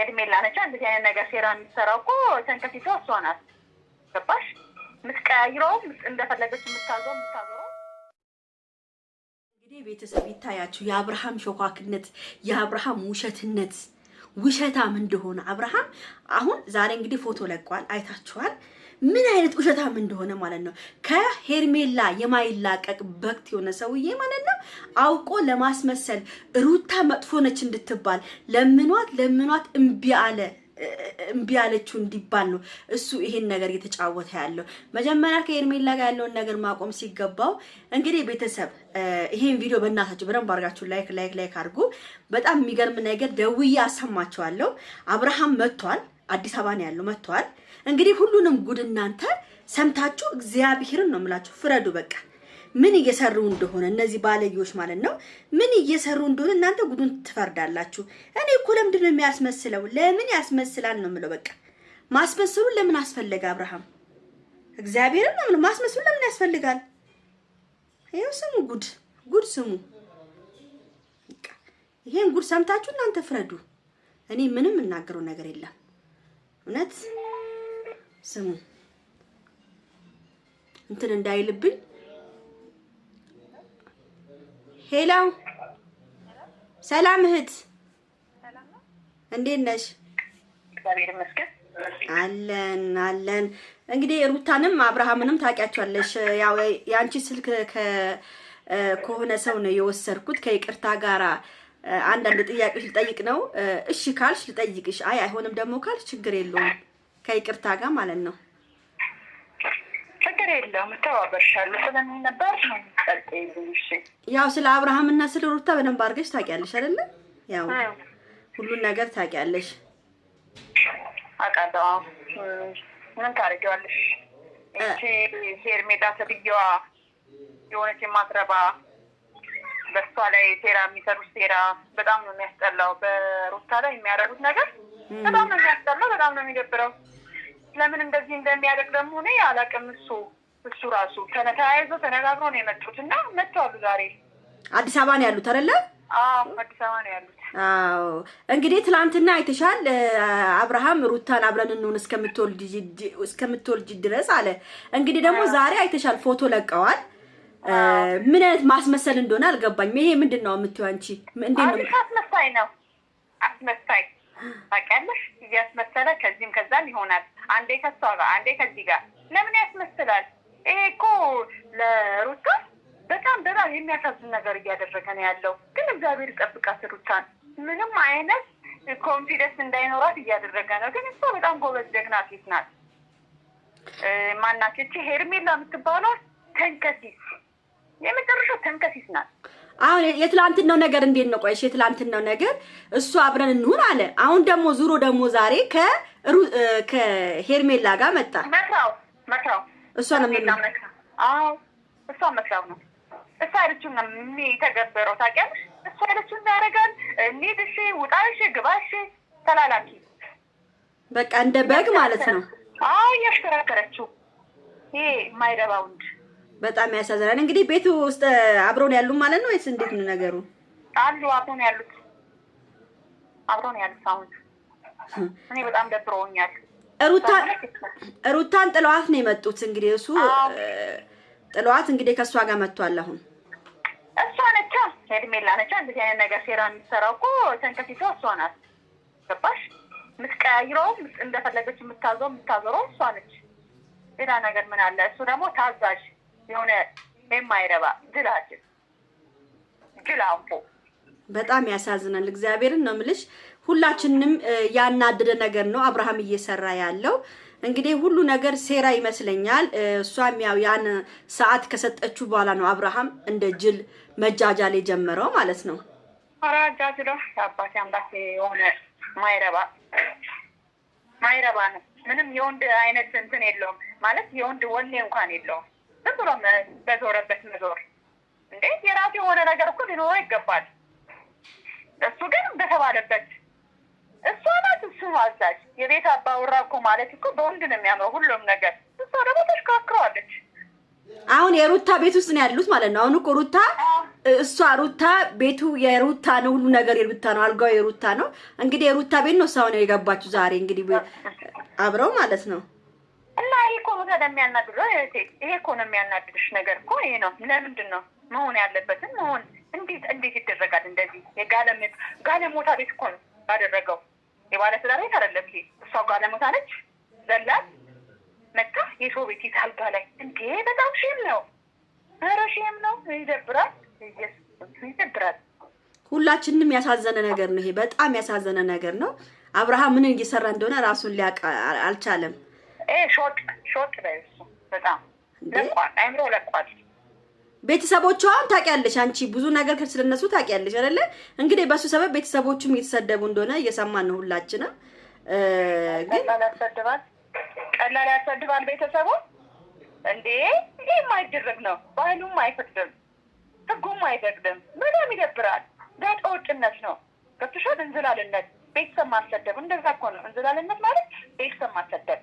ሄርሜላ ነች እንደዚህ አይነት ነገር ሴራ የምትሰራው እኮ ተንከፊቶ እሷ ናት። ገባሽ? የምትቀያይረውም እንደፈለገች የምታዘው የምታዘው እንግዲህ ቤተሰብ ይታያችሁ። የአብርሃም ሾኳክነት፣ የአብርሃም ውሸትነት ውሸታም እንደሆነ አብርሃም አሁን ዛሬ እንግዲህ ፎቶ ለቋል፣ አይታችኋል። ምን አይነት ውሸታም እንደሆነ ማለት ነው። ከሄርሜላ የማይላቀቅ በክት የሆነ ሰውዬ ማለት ነው። አውቆ ለማስመሰል ሩታ መጥፎ ነች እንድትባል ለምኗት ለምኗት እምቢ አለ እምቢ አለችው እንዲባል ነው እሱ ይሄን ነገር እየተጫወተ ያለው። መጀመሪያ ከሄርሜላ ጋር ያለውን ነገር ማቆም ሲገባው እንግዲህ ቤተሰብ ይሄን ቪዲዮ በእናታችሁ በደንብ አድርጋችሁ ላይክ ላይክ ላይክ አድርጉ። በጣም የሚገርም ነገር ደውዬ አሰማችኋለሁ። አብርሃም መጥቷል። አዲስ አበባ ነው ያለው መጥተዋል። እንግዲህ ሁሉንም ጉድ እናንተ ሰምታችሁ እግዚአብሔርን ነው የምላችሁ ፍረዱ። በቃ ምን እየሰሩ እንደሆነ እነዚህ ባለጌዎች ማለት ነው ምን እየሰሩ እንደሆነ እናንተ ጉዱን ትፈርዳላችሁ። እኔ እኮ ለምንድን ነው የሚያስመስለው? ለምን ያስመስላል ነው የምለው። በቃ ማስመስሉን ለምን አስፈለገ? አብርሃም እግዚአብሔርን ነው የምለው። ማስመስሉን ለምን ያስፈልጋል? ይኸው ስሙ፣ ጉድ ጉድ ስሙ። ይሄን ጉድ ሰምታችሁ እናንተ ፍረዱ። እኔ ምንም እናገረው ነገር የለም። እውነት ስሙ እንትን እንዳይልብኝ። ሄሎ ሰላም እህት፣ እንዴት ነሽ? አለን አለን። እንግዲህ ሩታንም አብርሃምንም ታውቂያቸዋለሽ። ያው የአንቺ ስልክ ከሆነ ሰው ነው የወሰድኩት ከይቅርታ ጋራ አንዳንድ ጥያቄዎች ልጠይቅ ነው። እሺ ካልሽ ልጠይቅሽ፣ አይ አይሆንም ደግሞ ካልሽ ችግር የለውም ከይቅርታ ጋር ማለት ነው። ችግር የለውም እተባበርሻለሁ። ስለምን ነበር ያው ስለ አብርሃምና ስለ ሩታ በደንብ አድርገሽ ታውቂያለሽ አይደለ? ያው ሁሉን ነገር ታውቂያለሽ። አቃለ ምን ታደርጊዋለሽ? ሄርሜላ ተብዬዋ የሆነች የማትረባ በእሷ ላይ ሴራ የሚሰሩት ሴራ በጣም ነው የሚያስጠላው። በሩታ ላይ የሚያደርጉት ነገር በጣም ነው የሚያስጠላው። በጣም ነው የሚደብረው። ለምን እንደዚህ እንደሚያደርግ ደግሞ እኔ አላውቅም። እሱ እሱ ራሱ ተነተያይዞ ተነጋግሮ ነው የመጡት እና መጥተዋሉ። ዛሬ አዲስ አበባ ነው ያሉት አይደለ? አዲስ አበባ ነው ያሉት። አዎ እንግዲህ ትላንትና አይተሻል። አብርሃም ሩታን አብረን እንሆን እስከምትወልድ ድረስ አለ። እንግዲህ ደግሞ ዛሬ አይተሻል፣ ፎቶ ለቀዋል። ምን አይነት ማስመሰል እንደሆነ አልገባኝም። ይሄ ምንድን ነው የምትይው አንቺ? አስመሳይ ነው አስመሳይ ታውቂያለሽ። እያስመሰለ ከዚህም ከዛም ይሆናል። አንዴ ከሷ ጋር አንዴ ከዚህ ጋር ለምን ያስመስላል? ይሄ እኮ ለሩታ በጣም በጣም የሚያሳዝን ነገር እያደረገ ነው ያለው። ግን እግዚአብሔር ይጠብቃት ሩታን ምንም አይነት ኮንፊደንስ እንዳይኖራት እያደረገ ነው። ግን እሷ በጣም ጎበዝ ጀግና ሴት ናት። ማናቸች ሄርሜላ የምትባለው ተንከሲስ የመጨረሻው ተንከሲስ ናት። አሁን የትላንትናው ነገር እንዴት ነው? ቆይሽ የትላንትናው ነገር እሱ አብረን እንሁን አለ። አሁን ደግሞ ዙሮ ደግሞ ዛሬ ከሄርሜላ ጋር መጣ። መክራው መክራው እሷ ነው እሷ መክራው ነው እሷ ያለችውን ነው የሚተገበረው። ታውቂያለሽ፣ እሷ ያለችውን ያደርጋል። እንሂድሽ፣ ውጣሽ፣ ግባሽ ተላላኪ በቃ እንደ በግ ማለት ነው። አዎ እያሽከረከረችው ይሄ የማይረባ ወንድ በጣም ያሳዝናል። እንግዲህ ቤቱ ውስጥ አብረውን ያሉ ማለት ነው ወይስ እንዴት ነው ነገሩ? አሉ አብረውን ያሉት አብረውን ያሉት። አሁን እኔ በጣም ደብረውኛል። ሩታን ሩታን ጥለዋት ነው የመጡት። እንግዲህ እሱ ጥለዋት እንግዲህ ከእሷ ጋር መጥቷል። አሁን እሷ ነቻ ሄድሜላ ነቻ እንደዚህ አይነት ነገር ሴራ የምትሰራው እኮ ተንከፊቶ እሷ ናት። ገባሽ? የምትቀያይረውም እንደፈለገች የምታዘው የምታዘረው እሷ ነች። ሌላ ነገር ምን አለ? እሱ ደግሞ ታዛዥ የሆነ የማይረባ ጅላችን ግላንፎ በጣም ያሳዝናል። እግዚአብሔርን ነው ምልሽ። ሁላችንም ያናደደ ነገር ነው አብርሃም እየሰራ ያለው። እንግዲህ ሁሉ ነገር ሴራ ይመስለኛል። እሷም ያው ያን ሰዓት ከሰጠችው በኋላ ነው አብርሃም እንደ ጅል መጃጃል የጀመረው ማለት ነው። አራጃጅሎ አባት አምላክ የሆነ ማይረባ ማይረባ ነው። ምንም የወንድ አይነት እንትን የለውም ማለት የወንድ ወኔ እንኳን የለውም። ዝም ብሎ በዞረበት መዞር እንዴ! የራሱ የሆነ ነገር እኮ ሊኖረው ይገባል። እሱ ግን በተባለበት እሷ ናት እሱ አዛዥ። የቤት አባውራ እኮ ማለት እኮ በወንድ ነው የሚያምረው ሁሉም ነገር። እሷ ደግሞ ተሽከርክረዋለች። አሁን የሩታ ቤት ውስጥ ነው ያሉት ማለት ነው። አሁን እኮ ሩታ እሷ ሩታ ቤቱ የሩታ ነው፣ ሁሉ ነገር የሩታ ነው፣ አልጋው የሩታ ነው። እንግዲህ የሩታ ቤት ነው እሷ አሁን የገባችው ዛሬ እንግዲህ አብረው ማለት ነው እና ይሄ እኮ ነው የሚያናድደው። ይሄ እኮ ነው የሚያናድድሽ ነገር እኮ ይሄ ነው። ለምንድን ነው መሆን ያለበትን መሆን እንዴት እንዴት ይደረጋል? እንደዚህ የጋለሞት ጋለሞታ ቤት እኮ ነው ያደረገው። የባለትዳር ቤት አይደለም ይሄ። እሷ ጋለሞታ ነች ዘላት መታ የሰው ቤት ይዛ አልጋ ላይ እንዴ! በጣም ሼም ነው። ኧረ ሼም ነው። ይደብራል፣ ይደብራል። ሁላችንም ያሳዘነ ነገር ነው ይሄ። በጣም ያሳዘነ ነገር ነው። አብርሃም ምን እየሰራ እንደሆነ ራሱን ሊያውቅ አልቻለም። ሾጥ ሾጥ በእሱ በጣም ለቋል፣ አይምሮ ለቋል። ቤተሰቦቿም ታውቂያለሽ አንቺ ብዙ ነገር ስለነሱ ታውቂያለሽ አይደለ? እንግዲህ በሱ ሰበብ ቤተሰቦቹም እየተሰደቡ እንደሆነ እየሰማን ነው ሁላችንም። ግን ያሰድባል፣ ቀላል ያሰድባል ቤተሰቡ እንዴ! ይህ የማይደረግ ነው፣ ባህሉም አይፈቅድም፣ ህጉም አይፈቅድም። በጣም ይደብራል። ጋጠ ወጥነት ነው ገብቶሻል? እንዝላልነት፣ ቤተሰብ ማሰደብ እንደዛ እኮ ነው። እንዝላልነት ማለት ቤተሰብ ማሰደብ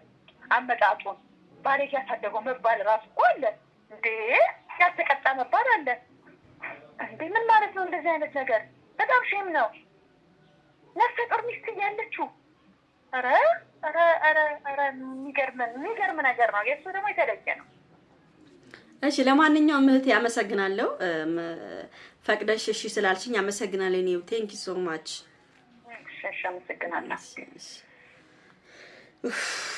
አመጣጡን ባለጌ ያሳደገው መባል ራሱ እኮ አለ እንዴ! ያልተቀጣ መባል አለ እንዴ! ምን ማለት ነው እንደዚህ አይነት ነገር? በጣም ሼም ነው። ነፍሰ ጡር ሚስት እያለችው ኧረ ኧረ ኧረ ኧረ የሚገርመን የሚገርም ነገር ነው። የእሱ ደግሞ የተለየ ነው። እሺ ለማንኛውም እህቴ አመሰግናለሁ። ፈቅደሽ እሺ ስላልሽኝ አመሰግናለሁ። ኔ ቴንክ ዩ ሶ ማች። እሺ አመሰግናለሁ።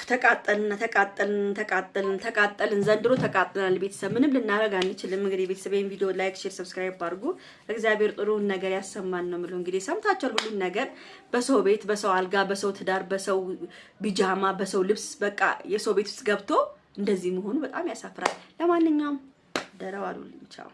ተቃጠልን ተቃጠልን ተቃጠልን ተቃጠልን ዘንድሮ ተቃጥለናል። ቤተሰብ ምንም ልናደርግ አንችልም። እንግዲህ ቤተሰብ ይሄን ቪዲዮ ላይክ፣ ሼር፣ ሰብስክራይብ አድርጉ። እግዚአብሔር ጥሩውን ነገር ያሰማን ነው የምለው። እንግዲህ ሰምታችኋል ሁሉን ነገር በሰው ቤት፣ በሰው አልጋ፣ በሰው ትዳር፣ በሰው ቢጃማ፣ በሰው ልብስ በቃ የሰው ቤት ውስጥ ገብቶ እንደዚህ መሆኑ በጣም ያሳፍራል። ለማንኛውም ደረው አሉልኝ። ቻው